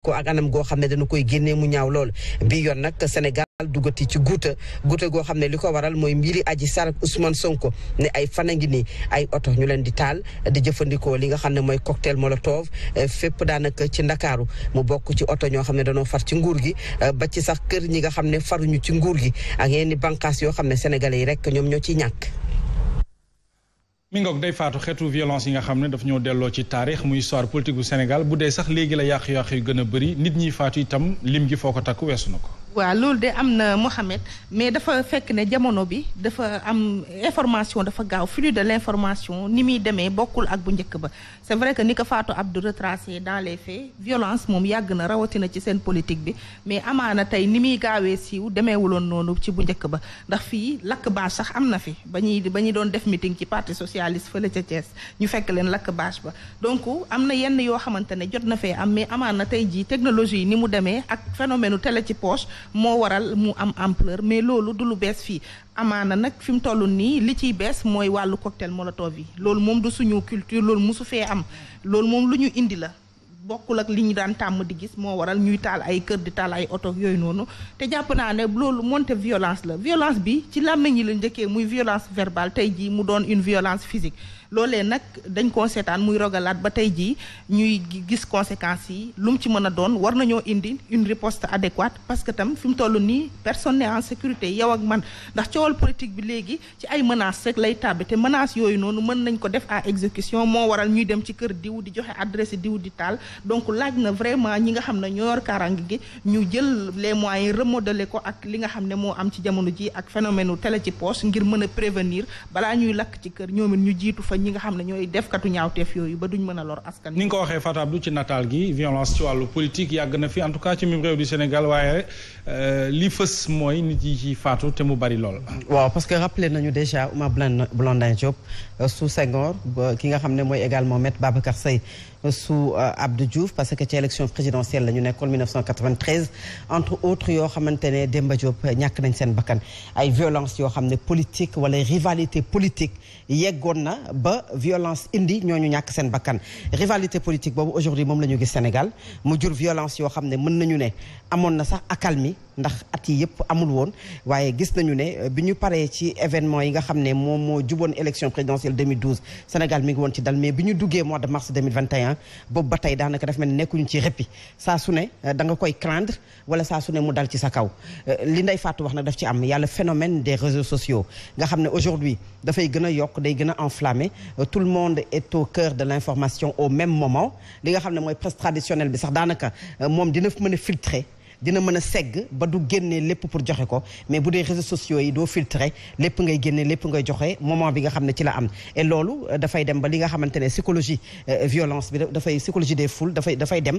ko ak anam goo xam ne dañu koy génnee mu ñaaw lool bi yoon nag Sénégal duggati ci guuta guuta goo xam ne li ko waral mooy mbiri Adji Sarr ak Ousmane Sonko ne ay fan a ngi nii ay oto ñu leen di taal di jëfandikoo li nga xam ne mooy cocktail molotov eh, fépp daanaka ci ndakaaru mu bokk ci oto ñoo xam ne dañoo far ci nguur gi eh, ba ci sax kër ñi nga xam ne faruñu ci nguur gi ak yenn banqaas yoo xam ne sénégale yi rek ñoom ñoo ciy ñàkk mi ngoog day faatu xeetu violence yi nga xam ne daf ñoo delloo ci taarix muy histoire politique bu Sénégal bu dee sax léegi la yàq-yàq yu gën a bëri nit ñi faatu itam lim gi foo ko takk weesu na ko. waaw loolu de am na Mohamed mais dafa fekk ne jamono bi dafa am information dafa gaaw flux de l' information ni muy demee bokkul ak bu njëkk ba c' est vrai que ni ko Fatou Abdou retracé dans les faits violence moom yàgg na rawatina ci seen politique bi mais amaana tey ni muy gaawee siiw demeewuloon noonu ci bu njëkk ba ndax fii lakk bâche sax am na fi ba ñuy ba ñu doon def meeting ci partie socialiste fële ca Thiès ñu fekk leen lakk bâche ba donc am na yenn yoo xamante ne jot na fee am mais amaana tey jii technologie yi ni mu demee ak phénomène télé ci poche moo waral mu am empleur mais loolu du lu bees fii amaana nag fi mu toll nii li ciy bees mooy wàllu cocktail molotov yi loolu moom du suñu culture loolu mosu fee am loolu moom lu ñu indi la bokkul ak li ñu daan tàmm di gis moo waral ñuy taal ay kër di taal ay oto yooyu noonu te jàpp naa ne loolu moonte violence la violence bi ci làmmiñ ñi la njëkkee muy violence verbale tey ji mu doon une violence physique loolee nag dañ koo seetaan muy rogalaat ba tey jii ñuy gis conséquences yi lu mu ci mën a doon war nañoo indi une riposte adéquate parce que tam fi mu toll nii personne en sécurité yow ak man ndax coowal politique bi léegi ci ay menaces rek lay tàbbi te menaces yooyu noonu mën nañ ko def à exécution moo waral ñuy dem ci kër diw di joxe adresse diw di taal donc laaj na vraiment ñi nga xam ne ñoo yor gi ñu jël les moyens remodeler ko ak li nga xam ne moo am ci jamono ji ak phénomène télé ci poche ngir mën a prévenir balaa ñuy lakk ci kër ñoom it ñu jiitu fa ñi nga xam ne ñooy defkatu ñaawteef yooyu ba duñ mën a lor askan ni nga ko waxee Fatab du ci nataal gi violence ci wàllu politique yàgg na fi en tout cas ci même réew du Sénégal waaye euh, li fës mooy nit yi ci faatu te mu bari lool. waaw parce que rappelé nañu déjà Oumar Blondin Diop euh, sous Senghor ki nga xam ne mooy également maître Babacar Seye su euh, Abdou Diouf parce que ci élection présidentielle la ñu nekkoon 1993 entre autres yoo xamante ne Demba Diop ñàkk nañ seen bakkan ay violence yoo xam ne politique wala rivalité politique yeggoon na ba violence indi ñooñu ñàkk seen bakkan rivalité politique boobu aujourd'hui moom la ñu gis Sénégal mu jur violence yoo xam ne mën nañu ne amoon na sax accalmie ndax at yi yëpp amul woon waaye gis nañu ne euh, bi ñu paree ci événement yi nga xam ne moom moo juboon élection présidentielle 2012 Sénégal ah boobu ba tey daanaka daf mel nekkuñu ci réppi saa su ne euh, da nga koy craindre wala saa su ne mu dal ci sa kaw euh, li nday fàttu wax na daf ci am yàlla phénomène des réseaux sociaux nga xam ne aujourd'hui dafay gën a yokk day gën a enflammé euh, tout le monde est au cœur de l'information au même moment li nga xam ne mooy presse traditionnelle bi sax daanaka moom dina mën a filtrer dina mën a segg ba du génnee lépp pour joxe ko mais bu dee réseaux sociaux yi doo filtrer lépp ngay génne lépp ngay joxe moment bi nga xam ne ci la am et loolu euh, dafay dem ba li nga xamante ne psychologie euh, violence bi dafay psychologie des foules dafay dafay dem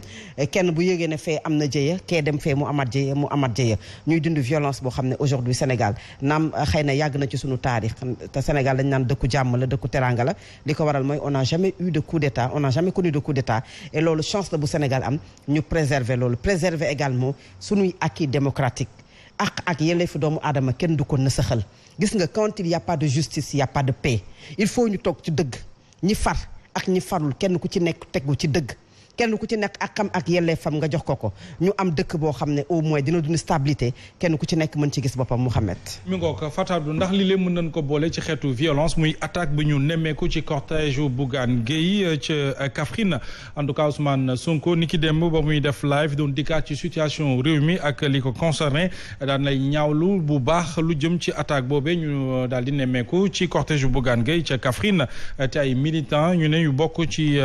kenn bu yëgee ne fee am na jëye kee dem fee mu amaat jëye mu amaat jëye ñuy dund violence boo xam ne aujourd'hui Sénégal naam xëy na yàgg na ci sunu taarix te Sénégal dañ naan dëkku jàmm la dëkku teranga la li ko waral mooy on n'a jamais eu de coup d'état on n'a jamais connu de coup d'état et loolu chance la bu Sénégal am ñu préserver loolu préserver également suñuy acquis démocratique ak ak yelleefu doomu aadama kenn du ko nasaxal gis nga quand il y a pas de justice il pas de paix il faut ñu toog ci dëgg ñi far ak ñi farul kenn ku ci nekk tegu ci dëgg kenn ku ci nekk ak am ak fam nga jox ko ko ñu am dëkk boo xam ne au moins dina dund stabilité kenn ku ci nekk mën ci gis boppam Mouhamed mi ngoo ko Fatabdou ndax li leen mën nañ ko boole ci xeetu violence muy attaque bi ñu nemmeeku ci cortège u Bougane Gueye euh, ca euh, Kaffrine en tout cas Ousmane Sonko ni ki démb ba muy def live doon dikkaat situation réew mi ak li ko concerné daan lay ñaawlu bu baax lu jëm ci attaque boobee ñu euh, daal di nemmeeku ci cortège u Bougane Gueye ca Kaffrine te ay militants ñu ne ñu bokk ci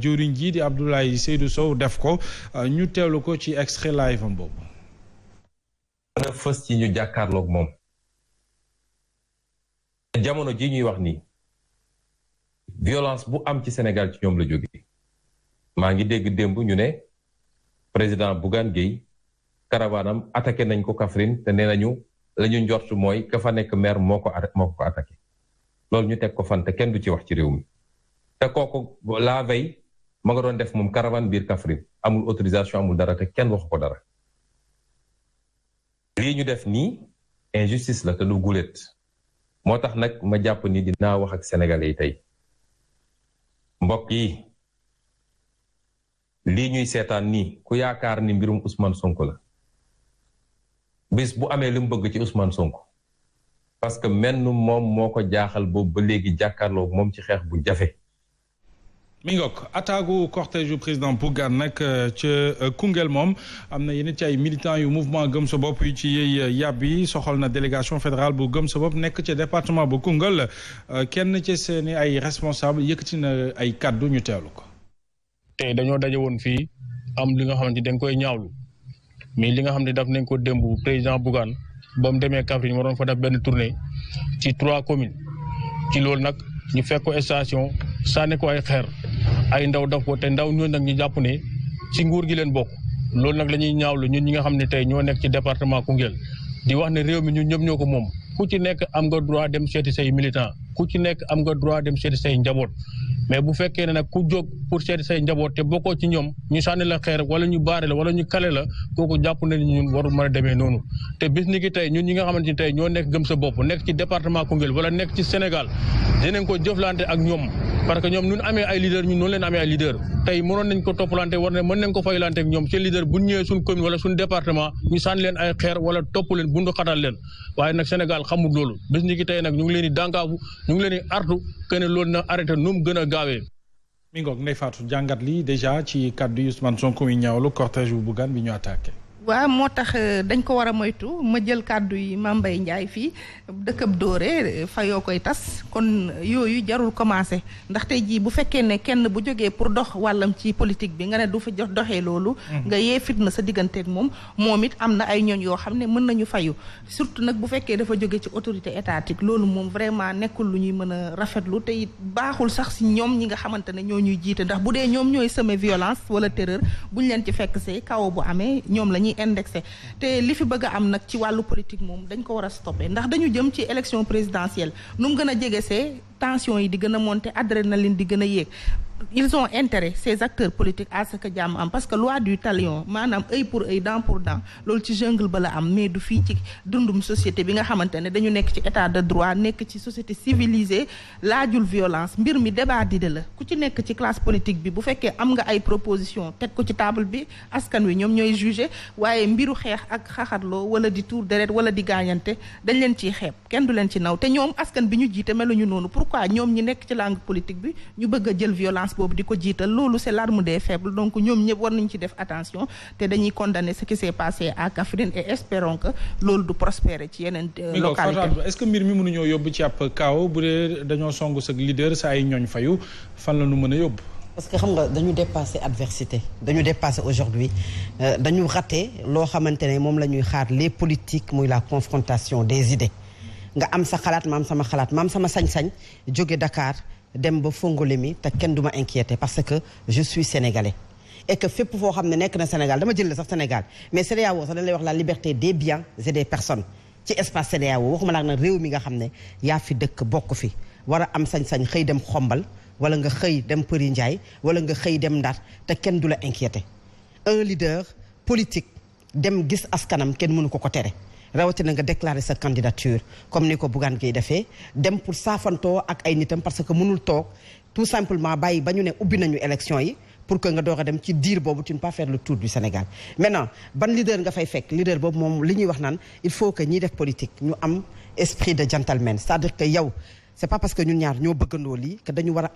jëwriñ ji di Abdoulaye yi Seydou Sow def ko euh, ñu teelu ko ci extrait live am boobu. fës ci ñu jàkkaarloog moom. jamono ji ñuy wax nii. violence bu am ci senegal ci ñoom la jógee. maa ngi dégg démb ñu ne président Bougane Gueye karawaanam attaqué nañ ko Kaffrine te nee nañu lañu ñu njort mooy ka fa nekk maire moo ko moo ko attaqué loolu ñu teg ko fan te kenn du ci wax ci réew mi te kooku la veille mu nga doon def moom caravane biir Kaffrine amul autorisation amul dara te kenn waxu ko dara. lii ñu def nii injustice la te lu guléet moo tax nag ma jàpp nii dinaa wax ak sénégalais yi tey mbokk yi lii ñuy seetaan nii ku yaakaar ni mbirum Ousmane Sonko la bis bu amee li bëgg ci usman Sonko parce que menn moom moo ko jaaxal boobu ba léegi jàkkaarloo moom ci xeex bu jafe. mi ngook ataagu cortège yu président Bougane nag euh, ca euh, Koungheul moom am na yeneen ci ay militants yu mouvement gëm sa bopp yu ci yëy euh, yàbb yi soxal na délégation fédérale bu gëm sa bopp nekk ca département bu Koungheul kenn ci seeni ay responsable yëkkati na ay kaddu ñu teewlu ko tey dañoo daje woon fii am li nga xamante dañ koy ñaawlu mais li nga xam ne daf nañ ko démb président Bougane ba mu demee Kaffrine waroon fa def benn tournée ci trois communes ci loolu nag ñu fekk ko station sànni ko ay xeer ay ndaw daf ko te ndaw ñooñu nag ñu jàpp ne ci nguur gi leen bokk loolu nag la ñuy ñaawlu ñun ñi nga xam ne tey ñoo nekk ci département Koungheul di wax ne réew mi ñu ñëpp ñoo ko moom ku ci nekk am nga droit dem seeti sey militant ku ci nekk am nga droit dem seeti sey njaboot mais bu fekkee ne nag ku jóg pour seeti say njaboot te bokkoo ci ñoom ñu sànni xeer wala ñu baare la wala ñu kale la kooku jàpp nañ ñun waru mën a demee noonu te bis ni tey ñun ñi nga xamante ni tey ñoo nekk gëm sa bopp nekk ci département Koungheul wala nekk ci Sénégal dinañ ko jëflante ak ñoom parce que ñoom ñun amee ay leader ñun noonu leen amee ay leader tey mënoon nañ ko toppalante war ne mën ko faylante ak ñoom seen leader bu ñëwee suñ commune wala suñ département ñu sànni leen ay xeer wala topp leen bundu xatal leen waaye nag Sénégal loolu bis tey nag ñu ngi leen di mu gën a gaawee. mi ngoog Ndeye Fatou jàngat li déjà ci kàddu Ousmane son mi ñaawlu cortège bu Bougane bi ñu attaqué. waa moo tax euh, dañ ko war a moytu ma jël kàddu yi Mame Mbaye Ndiaye fii dëkkab doore fa yoo koy tas kon yooyu jarul commencé ndax te jii bu fekkee ne kenn bu jógee pour dox wàllam ci politique bi nga ne du fa jox doxee loolu mhm. nga yee fitna sa digganteeg moom moom it am na ay ñooñ yoo xam ne mën nañu fayu surtout nag bu fekkee dafa jóge ci autorité étatique loolu moom vraiment nekkul lu ñuy mën a rafetlu te it baaxul sax si ñoom ñi nga xamante ne ñoo ñuy jiite ndax bu dee ñoom ñooy semer violence wala terreur buñ leen ci fekk see kaw bu amee ñoom lañuy ñuy indexé te li fi bëgg a am nag ci wàllu politique moom dañ ko war a stoppé ndax dañu jëm ci élection présidentielle nu mu gën a jegesee tension yi di gën a monter leen di gën a yéeg ils ont intérêt ces acteurs politiques à ce que jàmm am parce que loi du talion maanaam œil pour œil dans pour dent loolu ci jungle ba la am mais du fii ci dundum société bi nga xamante ne dañu nekk ci état de droit nekk ci société civilisée laajul violence mbir mi débat d'idée la ku ci nekk ci classe politique bi bu fekkee am nga ay proposition teg ko ci table bi askan wi ñoom ñooy jugé waaye mbiru xeex ak xaxatloo wala di tour deret wala di gaañante dañ leen ciy xeeb kenn leen ci naw te askan bi ñu jiite meluñu noonu pourquoi ñoom ñi nekk ci langue politique bi ñu bëgg jël violence violence boobu di ko jiital loolu c'est l'arme de faibles donc ñoom ñëpp war nañ ci def attention te dañuy condamner ce qui s'est passé à Kaffrine et espérons loolu du prospérer ci yeneen euh, localité est-ce que mbir mi mënuñoo yóbbu ci ab kaaw bu dañoo songu sa leader sa ay ñooñ fayu fan la nu mën a yóbbu parce que xam nga dañu dépassé adversité dañu dépassé aujourd'hui euh, dañu raté loo xamante ne moom la ñuy xaar les politiques muy la confrontation des idées nga am sa xalaat ma am sama xalaat ma am sama sañ-sañ jóge Dakar dem ba mi te kenn du ma inquiété parce que je suis sénégalais et fépp foo xam ne nekk na Sénégal dama jël la sax Sénégal mais CEDEAO sax dañ lay wax laa liberté des biens et des personnes ci espace CEDEAO waxuma laa nag réew nga xam ne yaa fi dëkk bokk fi war a am sañ-sañ xëy dem xombal wala nga xëy dem Përi Ndiaye wala nga xëy dem Ndar te kenn du la inquiété un politique dem gis askanam kenn mënu ko ko tere rawatina nga déclarer sa candidature comme ni ko Bougane Gueye defee dem pour saafantoo ak ay nitam parce que mënul toog tout simplement bàyyi ba ñu ne ubbi nañu élection yi pour que nga door a dem ci diir boobu tu ne pas faire le tour du Sénégal maintenant ban leader nga fay fekk leader boobu moom li ñuy wax naan il faut que ñiy def politique ñu am esprit de gentleman c'est-à-dire que yow c'est pas parce que ñun ñaar ñoo bëggandoo lii que dañu war